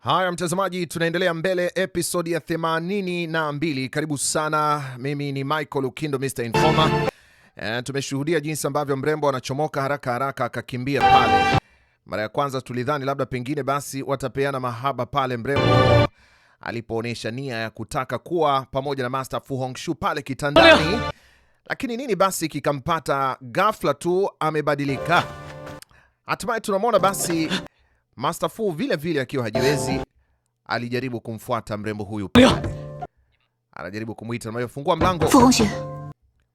Haya mtazamaji, tunaendelea mbele, episodi ya 82. Karibu sana, mimi ni Michael Lukindo, Mr Informa. E, tumeshuhudia jinsi ambavyo mrembo anachomoka haraka haraka akakimbia pale. Mara ya kwanza tulidhani labda pengine basi watapeana mahaba pale mrembo alipoonyesha nia ya kutaka kuwa pamoja na Master Fu Hongxue pale kitandani, lakini nini basi kikampata, ghafla tu amebadilika. Hatimaye tunamwona basi Master Fu vile vile akiwa hajiwezi alijaribu kumfuata mrembo huyu Anajaribu kumuita na kufungua mlango.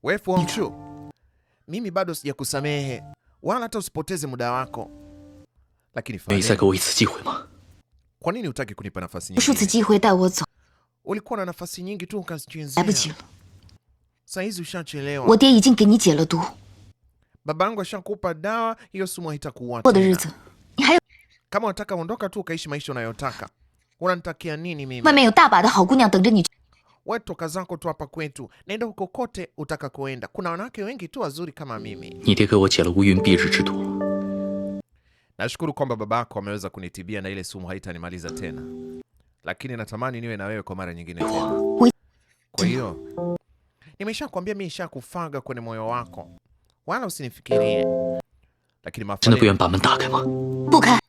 Wewe Fu Hongxue, mimi bado sijakusamehe wala hata usipoteze muda wako. Lakini kwa nini hutaki kunipa nafasi nyingine? Ulikuwa na nafasi nyingi tu ukazichezea. Sasa hizi ushachelewa. Baba yangu ashakupa dawa, hiyo sumu haitakuua. Kama unataka ondoka tu ukaishi maisha unayotaka. Unanitakia nini mimi? Mama, hao wewe toka zako tu hapa kwetu, naenda huko kote utaka kuenda. Kuna wanawake wengi tu wazuri kama mimi. Nashukuru kwamba babako ameweza kunitibia na ile sumu haitanimaliza tena, lakini natamani niwe na wewe kwa mara nyingine tena. Kwa hiyo nimeshakwambia mimi nishakufaga kwenye moyo wako, wala usinifikirie. Lakini mafanikio. mafanya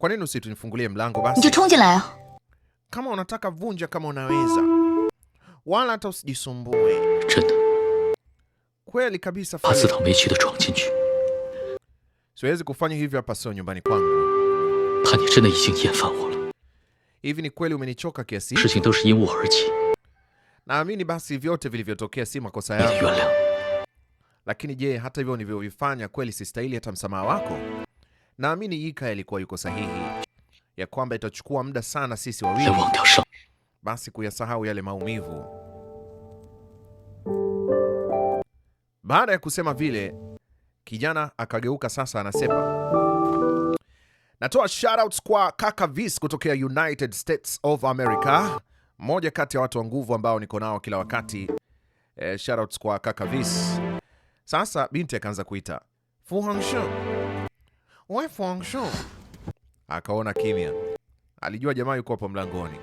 kwa nini usitunifungulie mlango basi? Kama unataka vunja kama unaweza, wala hata usijisumbue. Kweli kabisa, siwezi kufanya hivyo, hapa sio nyumbani kwangu. Hivi ni kweli umenichoka kiasi? Naamini basi vyote vilivyotokea si makosa yangu, lakini je, hata hivyo nilivyovifanya kweli sistahili hata msamaha wako? Naamini Ika alikuwa yuko sahihi ya kwamba itachukua muda sana sisi wawili basi kuyasahau yale maumivu. Baada ya kusema vile, kijana akageuka sasa, anasema natoa shoutouts kwa kaka Vis kutokea United States of America, mmoja kati ya watu wa nguvu ambao niko nao kila wakati. E, shoutouts kwa kaka Vis. Sasa binti akaanza kuita Fu Hongxue Wei Fwangshu akaona kimya, alijua jamaa yuko hapo mlangoni.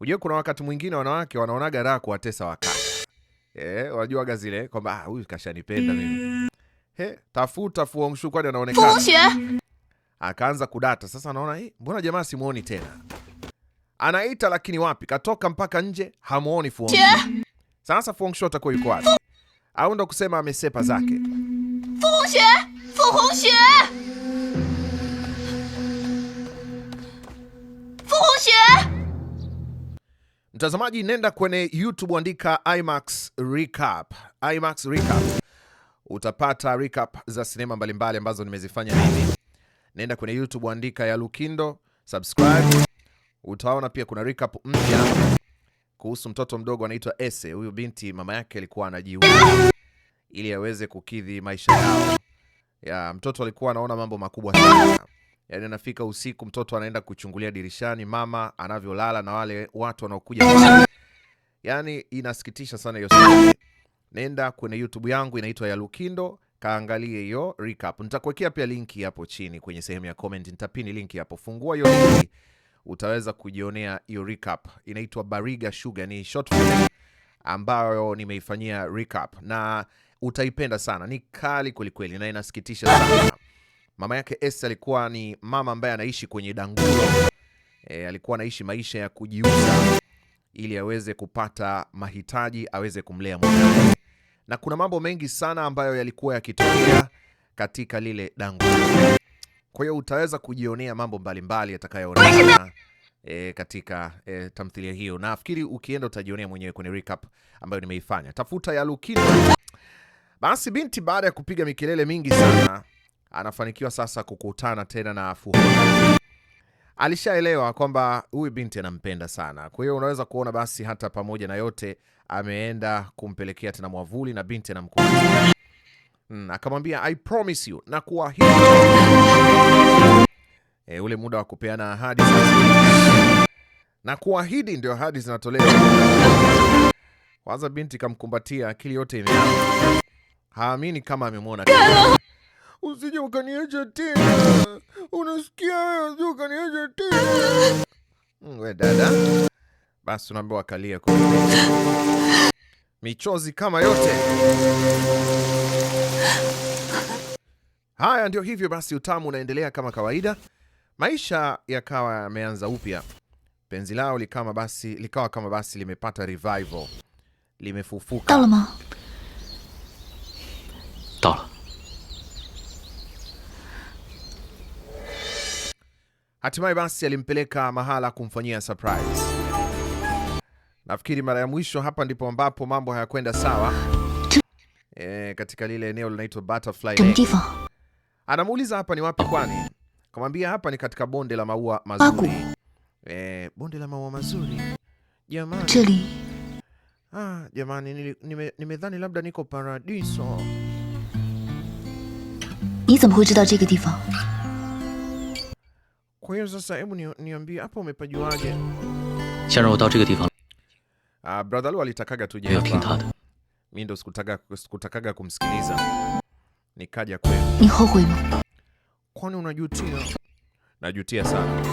Unajua kuna wakati mwingine wanawake wanaonaga raha kuwatesa wakati eh, wajuaga zile kwamba ah, huyu kashanipenda mimi. He, tafuta Fwangshu kwani anaonekana. Eh? Akaanza kudata sasa, anaona hii, mbona jamaa simuoni tena. Anaita lakini wapi, katoka mpaka nje, hamuoni Fwangshu. Eh? Sasa Fwangshu atakuwa yuko wapi? Au ndo kusema amesepa zake. Fwangshu, eh? Fwangshu mtazamaji nenda kwenye YouTube andika IMAX recap. IMAX recap. Utapata recap za sinema mbalimbali ambazo nimezifanya mimi. Nenda kwenye YouTube andika ya Lukindo, subscribe. Utaona pia kuna recap mpya kuhusu mtoto mdogo anaitwa Ese. Huyu binti mama yake alikuwa anajiua ili aweze kukidhi maisha yao. Ya, mtoto alikuwa anaona mambo makubwa sana. Yani anafika usiku, mtoto anaenda kuchungulia dirishani mama anavyolala na wale watu wanaokuja. Yani inasikitisha sana hiyo. Nenda kwenye YouTube yangu inaitwa ya Lukindo, kaangalie hiyo recap. Nitakuwekea pia linki hapo chini kwenye sehemu ya comment, nitapini linki hapo. Fungua hiyo linki, utaweza kujionea hiyo recap. Inaitwa Bariga Sugar, ni short film ambayo nimeifanyia recap na utaipenda sana. Ni kali kwelikweli na inasikitisha sana. Mama yake S alikuwa ni mama ambaye anaishi kwenye dangulo e, alikuwa anaishi maisha ya kujiuza ili aweze kupata mahitaji aweze kumlea mwanae, na kuna mambo mengi sana ambayo yalikuwa yakitokea katika lile dangulo. Kwa hiyo utaweza kujionea mambo mbalimbali yatakayoonekana E, katika e, tamthilia hiyo nafikiri ukienda utajionea mwenyewe kwenye recap ambayo nimeifanya. Tafuta ya Lukino. Basi binti baada ya kupiga mikelele mingi sana anafanikiwa sasa kukutana tena na afu Alishaelewa kwamba huyu binti anampenda sana, kwa hiyo unaweza kuona basi, hata pamoja na yote ameenda kumpelekea tena mwavuli na binti anamkuta Hmm, akamwambia I promise you, na kuahidi e, eh, ule muda wa kupeana ahadi na kuahidi, ndio ahadi zinatolewa. Kwanza binti kamkumbatia, akili yote ime haamini kama amemwona usije ukaniacha tena, unasikia? Usije ukaniacha tena. We dada, basi unaambiwa akalia kwa michozi kama yote. Haya, ndio hivyo basi, utamu unaendelea kama kawaida, maisha yakawa yameanza upya. Penzi lao likama basi, likawa kama basi limepata revival, limefufuka Alamo. Hatimaye basi alimpeleka mahala kumfanyia surprise. Nafikiri mara ya mwisho hapa ndipo ambapo mambo hayakwenda sawa. E, katika lile eneo linaitwa Butterfly Anamuuliza hapa ni wapi kwani? Kamwambia hapa ni katika bonde la maua mazuri. E, bonde la maua mazuri. Jamani. Ah, jamani nimedhani labda niko paradiso kwa hiyo sasa, hebu niambie hapo umepajuaje? Ah, brother Lu alitakaga tuje hapa. Mimi ndo sikutaka sikutakaga kumsikiliza. Nikaja kwenu. Kwani unajutia? Najutia sana.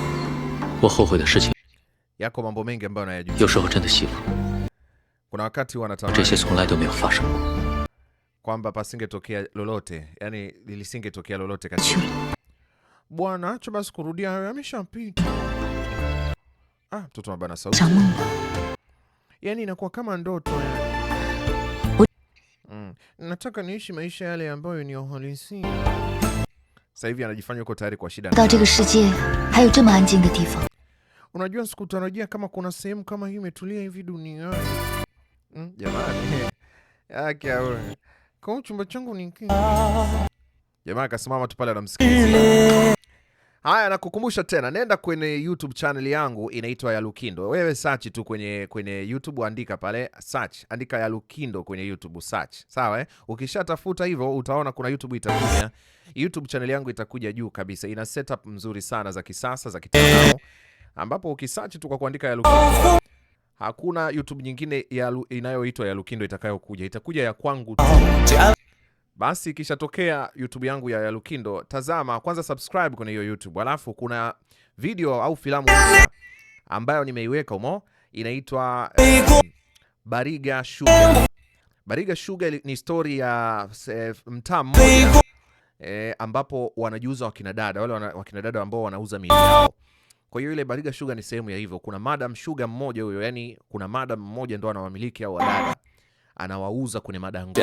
Yako mambo mengi ambayo nayajutia. Kuna wakati wanatamani kwamba pasingetokea lolote, yani lisingetokea lolote katika Bwana, acha basi kurudia hayo, ameshampita. Ah, mtoto mabana sauti. Yaani inakuwa kama ndoto ya. Mm. Nataka niishi maisha yale ambayo ni halisi. Sasa hivi anajifanya yuko tayari kwa shida. Unajua sikutarajia kama kuna sehemu kama hii imetulia hivi duniani. Mm, jamani. Yake ah, au. Kwa chumba changu ni kingi. Jamaa akasimama tu pale anamsikiliza. Haya, nakukumbusha tena, nenda kwenye YouTube channel yangu inaitwa ya Lukindo. Wewe search tu kwenye kwenye YouTube, andika pale search, andika ya Lukindo kwenye YouTube search, sawa eh? Ukishatafuta hivyo utaona kuna YouTube itakuja, YouTube channel yangu itakuja juu kabisa. Ina setup mzuri sana za kisasa za kitandao, ambapo ukisearch tu kwa kuandika ya Lukindo hakuna YouTube nyingine inayoitwa ya Lukindo itakayokuja, itakuja ya kwangu tu. Basi ikishatokea YouTube yangu ya Lukindo, tazama kwanza, subscribe kwenye hiyo YouTube, alafu kuna video au filamu ambayo nimeiweka humo inaitwa eh, Bariga Sugar. Bariga Sugar ni story ya eh, mtaa mmoja eh, ambapo wanajiuza wakina dada wale wakina dada ambao wanauza miili yao. Kwa hiyo ile Bariga Sugar ni sehemu ya hivyo. Kuna madam sugar mmoja huyo, yani kuna madam mmoja ndo anawamiliki au wadada, anawauza kwenye madango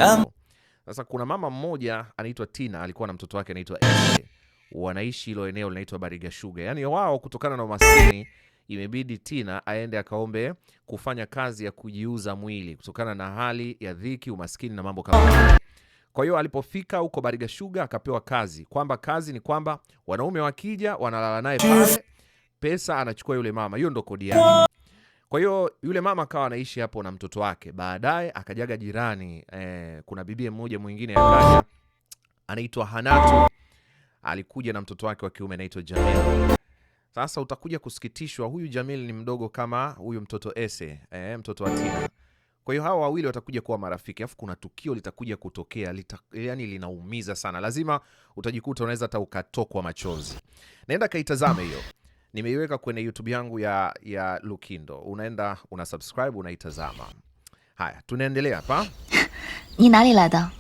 sasa kuna mama mmoja anaitwa Tina, alikuwa na mtoto wake anaitwa Eze, wanaishi hilo eneo linaitwa Barigashuga. Yani wao kutokana na umaskini imebidi Tina aende akaombe kufanya kazi ya kujiuza mwili kutokana na hali ya dhiki, umaskini na mambo kama kwa hiyo alipofika huko Barigashuga akapewa kazi, kwamba kazi ni kwamba wanaume wakija wanalala naye pale, pesa anachukua yule mama, hiyo ndo kodi yake. Kwa hiyo yule mama akawa anaishi hapo na mtoto wake. Baadaye akajaga jirani eh, kuna bibie mmoja mwingine akaja anaitwa Hanatu, alikuja na mtoto wake wa kiume anaitwa Jamil. Sasa utakuja kusikitishwa, huyu Jamil ni mdogo kama huyu mtoto Ese, eh, mtoto wa Tina. Kwa hiyo hawa wawili watakuja kuwa marafiki, alafu kuna tukio litakuja kutokea lita, yani linaumiza sana, lazima utajikuta unaweza hata ukatokwa machozi. Naenda kaitazame hiyo nimeiweka kwenye YouTube yangu ya, ya Lukindo. Unaenda una subscribe unaitazama. Haya, tunaendelea hapa. Ni nani lada?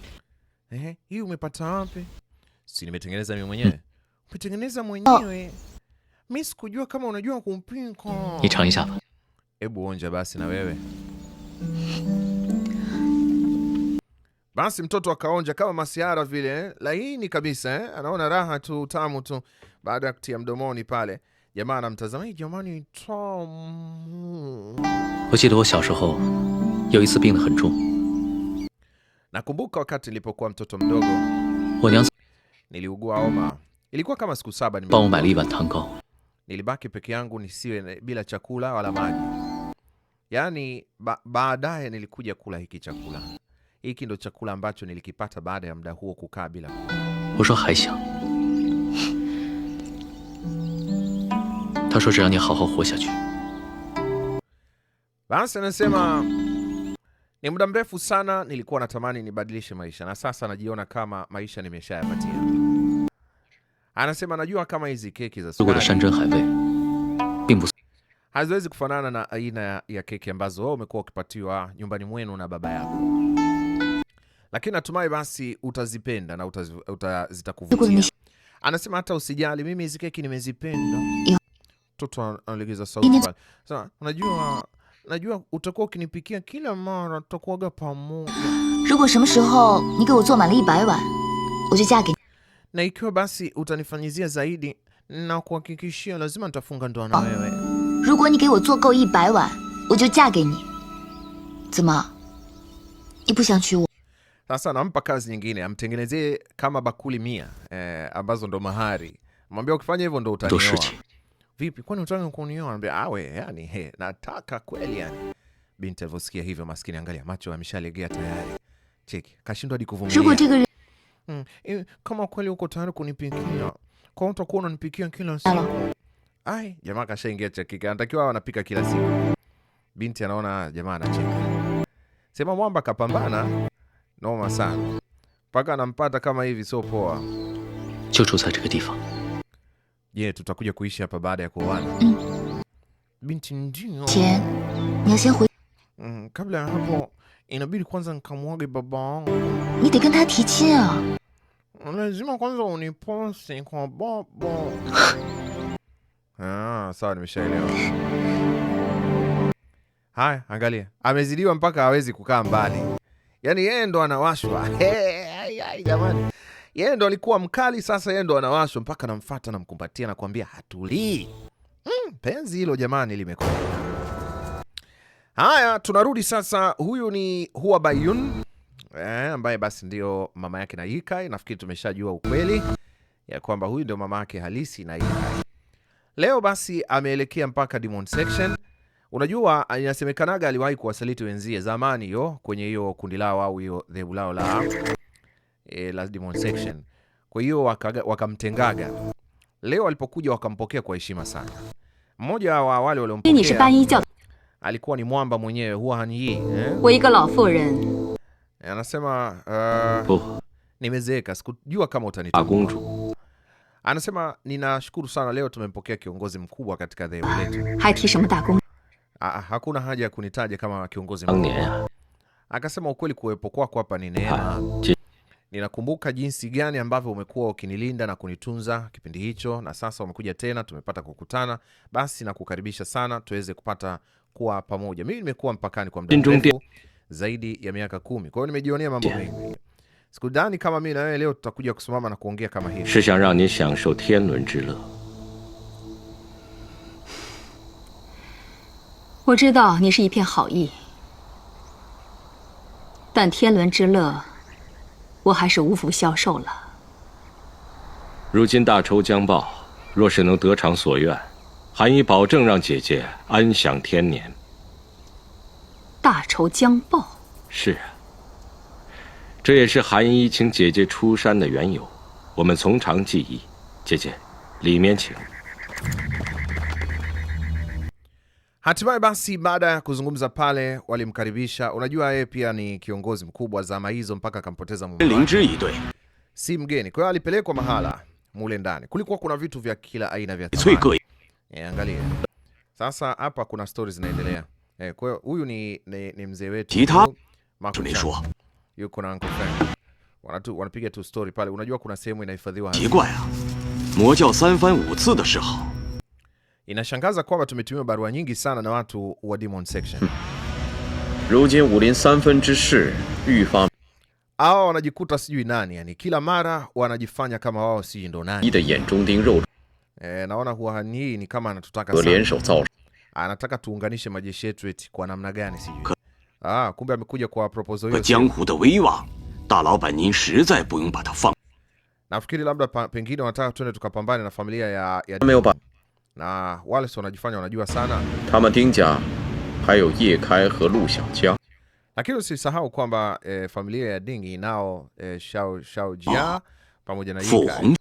Eh, hii umepata wapi? Si nimetengeneza mimi mwenyewe. Hmm. Umetengeneza mwenyewe. Mimi oh. sikujua kama unajua kumpika. Hebu onja basi na wewe. Basi mtoto akaonja kama masiara vile, eh? laini kabisa eh? Anaona raha tu, tamu tu, baada ya kutia mdomoni pale. Jamaa mtazamaji, jamani, Tom. Nakumbuka wakati nilipokuwa mtoto mdogo niliugua homa, ilikuwa kama siku saba. Nilibaki peke yangu nisiwe bila chakula wala maji. Yaani ba baadaye nilikuja kula hiki chakula. Hiki ndo chakula ambacho nilikipata baada ya muda huo kukaa bila. 他说只要你好好活下去. Basi anasema ni muda mrefu sana nilikuwa natamani nibadilishe maisha na sasa najiona kama maisha nimeshayapatia. Anasema najua kama hizi keki za haziwezi kufanana na aina ya keki ambazo wewe umekuwa ukipatiwa nyumbani mwenu na baba yako, lakini natumai basi utazipenda na utazitakuvutia. Anasema hata usijali, mimi hizi keki nimezipenda mtoto analegeza sauti pale. Sasa unajua, najua utakuwa ukinipikia kila mara, tutakuwaga pamoja. Na ikiwa basi utanifanyizia zaidi na kuhakikishia, lazima nitafunga ndoa na wewe. Sasa nampa kazi nyingine, amtengenezee kama bakuli mia eh, ambazo ndo mahari. Mwambia ukifanya hivyo ndo utanioa vipi, kwani unataka kunioa? Anambia awe, ah, yani he, nataka kweli yani. Binti alivyosikia hivyo, maskini, angalia macho ameshalegea tayari, cheki, kashindwa hadi kuvumilia. Hmm, kama kweli uko tayari kunipikia, kwa mtu utakuwa unanipikia kila siku. Ai, jamaa kashaingia chakika, anatakiwa awe anapika kila siku. Binti anaona ah, jamaa anacheka, sema mwamba kapambana noma sana, mpaka anampata kama hivi, sio poa yeah, tutakuja kuishi hapa baada ya kuoana? Binti ndio. Mm, kabla ya hapo inabidi kwanza nikamwage baba wangu. Lazima kwanza uniposi kwa baba. Ah, sawa nimeshaelewa. Haya, angalia. Amezidiwa mpaka hawezi kukaa mbali. Yaani yeye ndo anawashwa. Hey, jamani yeye ndo alikuwa mkali, sasa yeye ndo anawashwa mpaka namfata namkumbatia, nakuambia hatulii. Mm, penzi hilo jamani limekuwa haya. Tunarudi sasa, huyu ni Hua Bayun eh, ambaye basi ndio mama yake na Yikai. Nafikiri tumeshajua ukweli ya kwamba huyu ndio mama yake halisi na Yikai. Leo basi ameelekea mpaka Demon Section. Unajua, inasemekanaga aliwahi kuwasaliti wenzie zamani yo kwenye hiyo kundi lao au hiyo dhehebu lao la e, last Demon Section. Kwa hiyo wakamtengaga waka leo walipokuja wakampokea kwa heshima sana. Mmoja wa wale waliompokea alikuwa ni mwamba mwenyewe Huan Yi eh? eh? Anasema uh, oh, nimezeeka sikujua kama utanitambua. Anasema ninashukuru sana leo tumempokea kiongozi mkubwa katika dhehebu letu. Ah, ah, hakuna haja ya kunitaja kama kiongozi mkubwa. Akasema ukweli kuwepo kwako hapa ni neema ninakumbuka jinsi gani ambavyo umekuwa ukinilinda na kunitunza kipindi hicho, na sasa umekuja tena, tumepata kukutana. Basi nakukaribisha sana tuweze kupata kuwa pamoja. Mimi nimekuwa mpakani kwa muda mrefu zaidi ya miaka kumi, kwa hiyo nimejionea mambo mengi. Sikudhani kama mimi na wewe leo tutakuja kusimama na kuongea kama hivi. 我还是无福消受了。如今大仇将报，若是能得偿所愿，韩衣保证让姐姐安享天年。大仇将报？是啊，这也是韩衣请姐姐出山的缘由。我们从长计议，姐姐，里面请。Hatimaye basi, baada ya kuzungumza pale, walimkaribisha. Unajua yeye pia ni kiongozi mkubwa zama hizo, mpaka akampoteza mume, si mgeni. Kwa hiyo alipelekwa mahala mule ndani, kulikuwa kuna vitu vya kila aina vya thamani. E, eh, angalia sasa hapa kuna stori zinaendelea. E, kwa hiyo huyu ni, ni, ni mzee wetu yuko na Uncle Frank, wanatu wanapiga tu stori pale. Unajua kuna sehemu inahifadhiwa Inashangaza kwamba tumetumiwa barua nyingi sana na watu wa Demon Section. Hawa wanajikuta sijui nani, yani kila mara wanajifanya kama wao sijui ndo nani. E, naona Huan hii ni kama anatutaka sana. Anataka tuunganishe majeshi yetu eti kwa namna gani sijui. Ah, kumbe amekuja kwa proposal hiyo. Nafikiri labda pengine wanataka tuende tukapambane na familia ya, ya na wale wanajifanya wanajua sana. hayo ye kai he lu Lakini usisahau kwamba e, familia ya Ding inao e, eh, Shao Shao Jia pamoja na Ye Kai.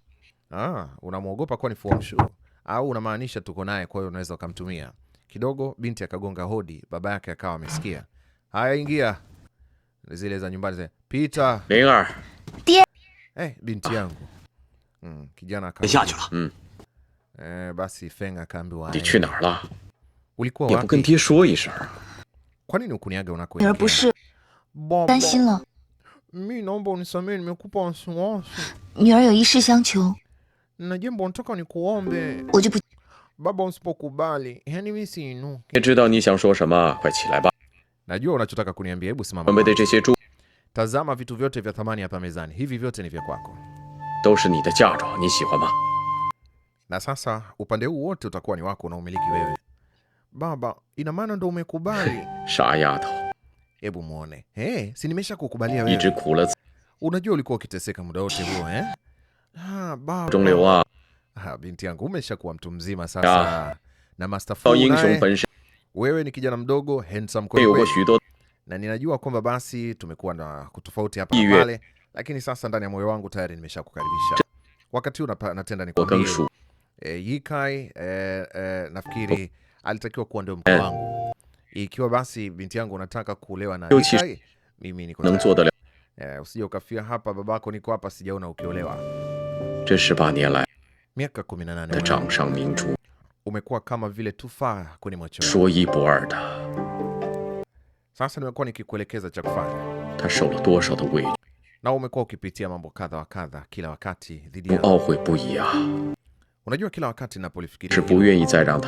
Ah, unamwogopa kwa ni Fu Hongxue au unamaanisha tuko naye, kwa hiyo unaweza ukamtumia kidogo. Binti akagonga hodi, baba yake akawa amesikia. Haya, ingia zile za nyumbani zile. Pita. Eh, binti yangu. Mm, kijana akaja. 你去哪儿了？也不跟爹说一声。女儿不是担心了。女儿有一事相求。我就不。也知道你想说什么，快起来吧。都是你的嫁妆，你喜欢吗？na sasa upande huu wote utakuwa ni wako unaumiliki wewe. Baba, ina maana ndo umekubali? Shayato, Hebu mwone. Hey, si nimesha kukubalia wewe. Unajua ulikuwa ukiteseka muda wote huo eh? Ha, baba. Ha, binti yangu umeshakuwa mtu mzima sasa. Na Master Fu naye. Wewe ni kijana mdogo handsome kweli kweli. Na ninajua kwamba basi tumekuwa na kutofauti hapa na pale, lakini sasa ndani ya moyo wangu tayari nimeshakukaribisha. Wakati huu natenda nikwambie E, Yikai e, e, nafikiri oh. alitakiwa kuwa ndio mke wangu. Ikiwa basi binti yangu unataka kuolewa na Yikai, mimi niko tayari. E, usije ukafia hapa, babako niko hapa, sijaona ukiolewa. Miaka 18 umekuwa kama vile tufaa kwenye macho. Sasa nimekuwa nikikuelekeza cha kufanya. Na umekuwa ukipitia mambo kadha wa kadha kila wakati dhidi ya Unajua, kila wakati napolifikiria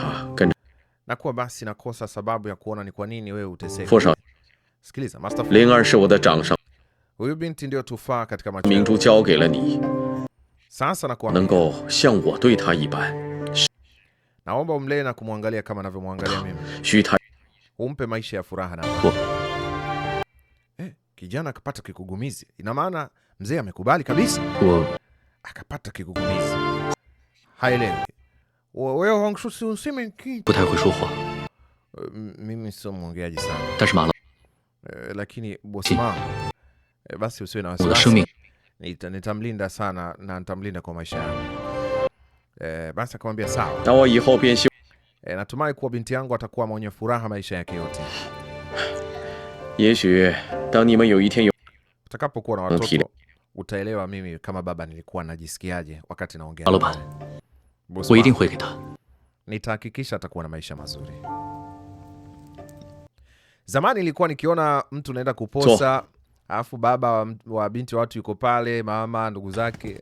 na kuwa basi nakosa sababu ya kuona ni kwa nini wewe uteseke. Sikiliza, huyu binti ndio tufaa katika macho yangu. Sasa nakuambia, naomba umlee na kumwangalia kama navyomwangalia mimi, umpe maisha ya furaha na eh. Kijana akapata kikugumizi, ina maana mzee amekubali kabisa, akapata kikugumizi haielewi. Wewe Hong Shu Si useme kitu. Uh, mimi sio mwongeaji sana. Uh, lakini bosi wangu, uh, basi usiwe na wasiwasi. Nitamlinda sana na nitamlinda kwa maisha yangu. Eh, basi akamwambia sawa. E, natumai kuwa binti yangu atakuwa mwenye furaha maisha yake yote. Eh, Utakapokuwa na watoto utaelewa mimi kama baba nilikuwa najisikiaje wakati naongea nitahakikisha atakuwa na maisha mazuri. Zamani nilikuwa nikiona mtu naenda kuposa, alafu baba wa, wa binti wa watu yuko pale, mama, ndugu zake,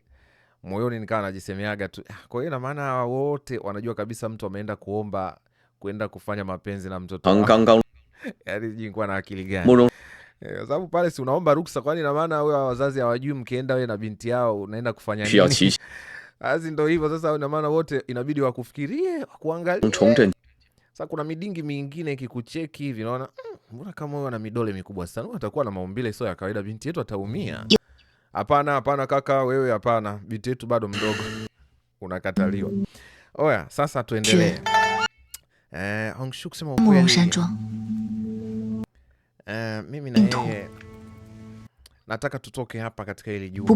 moyoni nikawa najisemeaga tu. Ah, kwa hiyo na maana hawa wote wanajua kabisa mtu ameenda kuomba kuenda kufanya mapenzi na mtoto. Yaani nilikuwa na akili gani? Eh, kwa sababu pale si unaomba ruksa, kwani na maana huyo wazazi hawajui mkienda wewe na binti yao unaenda kufanya nini? Basi ndo hivyo sasa, na maana wote inabidi wakufikirie, wakuangalie. Sasa kuna midingi mingine ikikucheki hivi naona mm, mbona kama huyo ana midole mikubwa sana, atakuwa na maumbile sio ya kawaida, binti yetu ataumia. Hapana, hapana kaka, wewe hapana, binti yetu bado mdogo, unakataliwa. Oya, sasa tuendelee. Eh, Hongxue kusema ukweli, eh, mimi na yeye nataka tutoke hapa katika hili jumba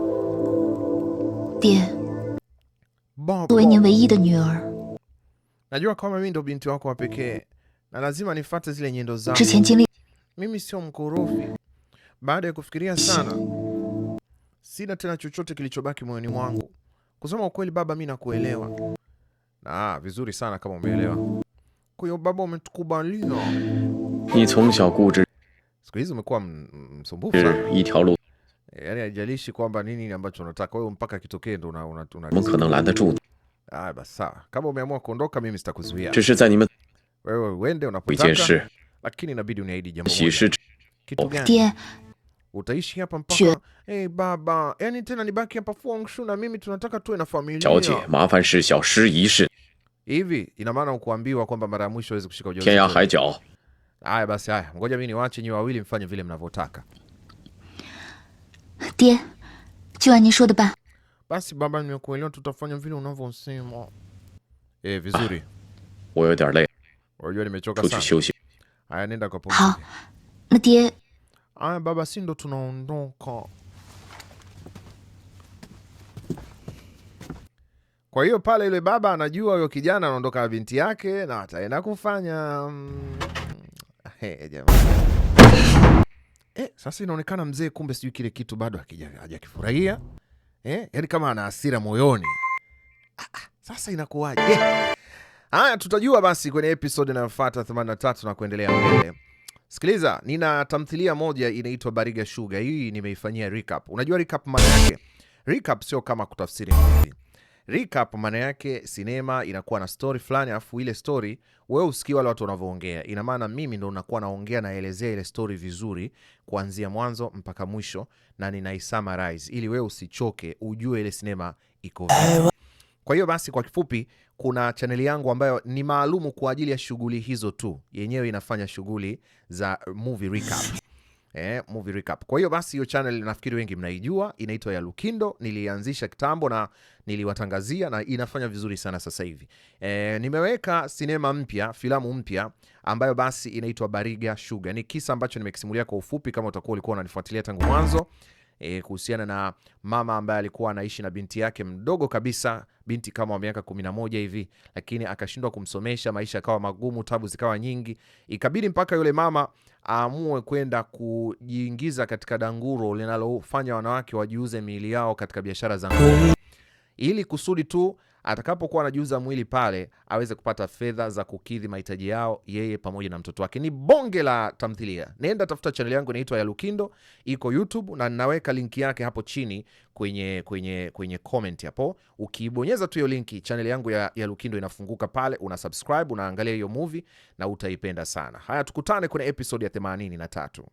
爹，作为您唯一的女儿，najua kwamba mimi ndo binti wako wa pekee na lazima nifuate zile nyendo mimi sio mkorofi. Baada ya kufikiria sana, sina tena chochote kilichobaki moyoni mwangu. Kusema ukweli, baba, mimi nakuelewa. Ah, vizuri sana kama umeelewa. Kwa hiyo baba, umetukubalia. Siku hizi umekuwa msumbufu sana yani haijalishi kwamba nini ambacho unataka wewe, mpaka kitokee ndo una ah, basi sawa. Kama umeamua kuondoka, mimi sitakuzuia wewe, uende unapotaka, lakini inabidi uniahidi jambo moja. Kitu gani? Utaishi hapa mpaka eh, baba, yani tena nibaki hapa Fuangshu na mimi tunataka tuwe na familia. Hivi ina maana ukuambiwa kwamba mara ya mwisho huwezi kushika ujauzito? Haya basi, haya, ngoja mimi niwaache nyi wawili mfanye vile mnavyotaka. 爹，就按您说的办。Basi baba, nimekuelewa, tutafanya vile unavyosema. Eh, vizuri. Ah. Unajua nimechoka sana. Haya, nenda kwa pumzika. Hao. Na tie. Haya baba, si ndo tunaondoka. Kwa hiyo pale yule baba anajua huyo kijana anaondoka na binti yake na ataenda kufanya. Mm. Hey, jamaa. Eh, sasa inaonekana mzee kumbe sijui kile kitu bado hajakifurahia eh, yani kama ana hasira moyoni. Ah, ah, sasa inakuwaje? Eh, haya, yeah. Tutajua basi kwenye episode inayofuata 83 na kuendelea mbele. Sikiliza, nina tamthilia moja inaitwa Bariga Sugar. Hii nimeifanyia recap. Unajua recap maana yake? Recap sio kama kutafsiri movie. Recap maana yake sinema inakuwa na story fulani, afu ile story wewe usikii wale watu wanavyoongea. Ina maana mimi ndo nakuwa naongea, naelezea ile story vizuri kuanzia mwanzo mpaka mwisho, na ninaisummarize ili wewe usichoke, ujue ile sinema iko kwa hiyo basi, kwa kifupi, kuna chaneli yangu ambayo ni maalumu kwa ajili ya shughuli hizo tu, yenyewe inafanya shughuli za movie recap eh, movie recap. Kwa hiyo basi hiyo channel nafikiri wengi mnaijua, inaitwa ya Lukindo. Nilianzisha kitambo na niliwatangazia na inafanya vizuri sana sasa hivi. Eh, nimeweka sinema mpya, filamu mpya ambayo basi inaitwa Bariga Sugar. Ni kisa ambacho nimekisimulia kwa ufupi, kama utakuwa ulikuwa unanifuatilia tangu mwanzo e, kuhusiana na mama ambaye alikuwa anaishi na binti yake mdogo kabisa, binti kama wa miaka 11 hivi, lakini akashindwa kumsomesha. Maisha yakawa magumu, tabu zikawa nyingi, ikabidi mpaka yule mama aamue kwenda kujiingiza katika danguro linalofanya wanawake wajiuze miili yao katika biashara za nguo ili kusudi tu atakapokuwa anajiuza mwili pale aweze kupata fedha za kukidhi mahitaji yao yeye pamoja na mtoto wake. Ni bonge la tamthilia. Nenda tafuta chaneli yangu inaitwa ya Lukindo, iko YouTube na ninaweka linki yake hapo chini kwenye, kwenye, kwenye comment hapo. Ukibonyeza tu hiyo linki, chaneli yangu ya, ya Lukindo inafunguka pale, una subscribe unaangalia hiyo movie na utaipenda sana. Haya, tukutane kwenye episode ya 83.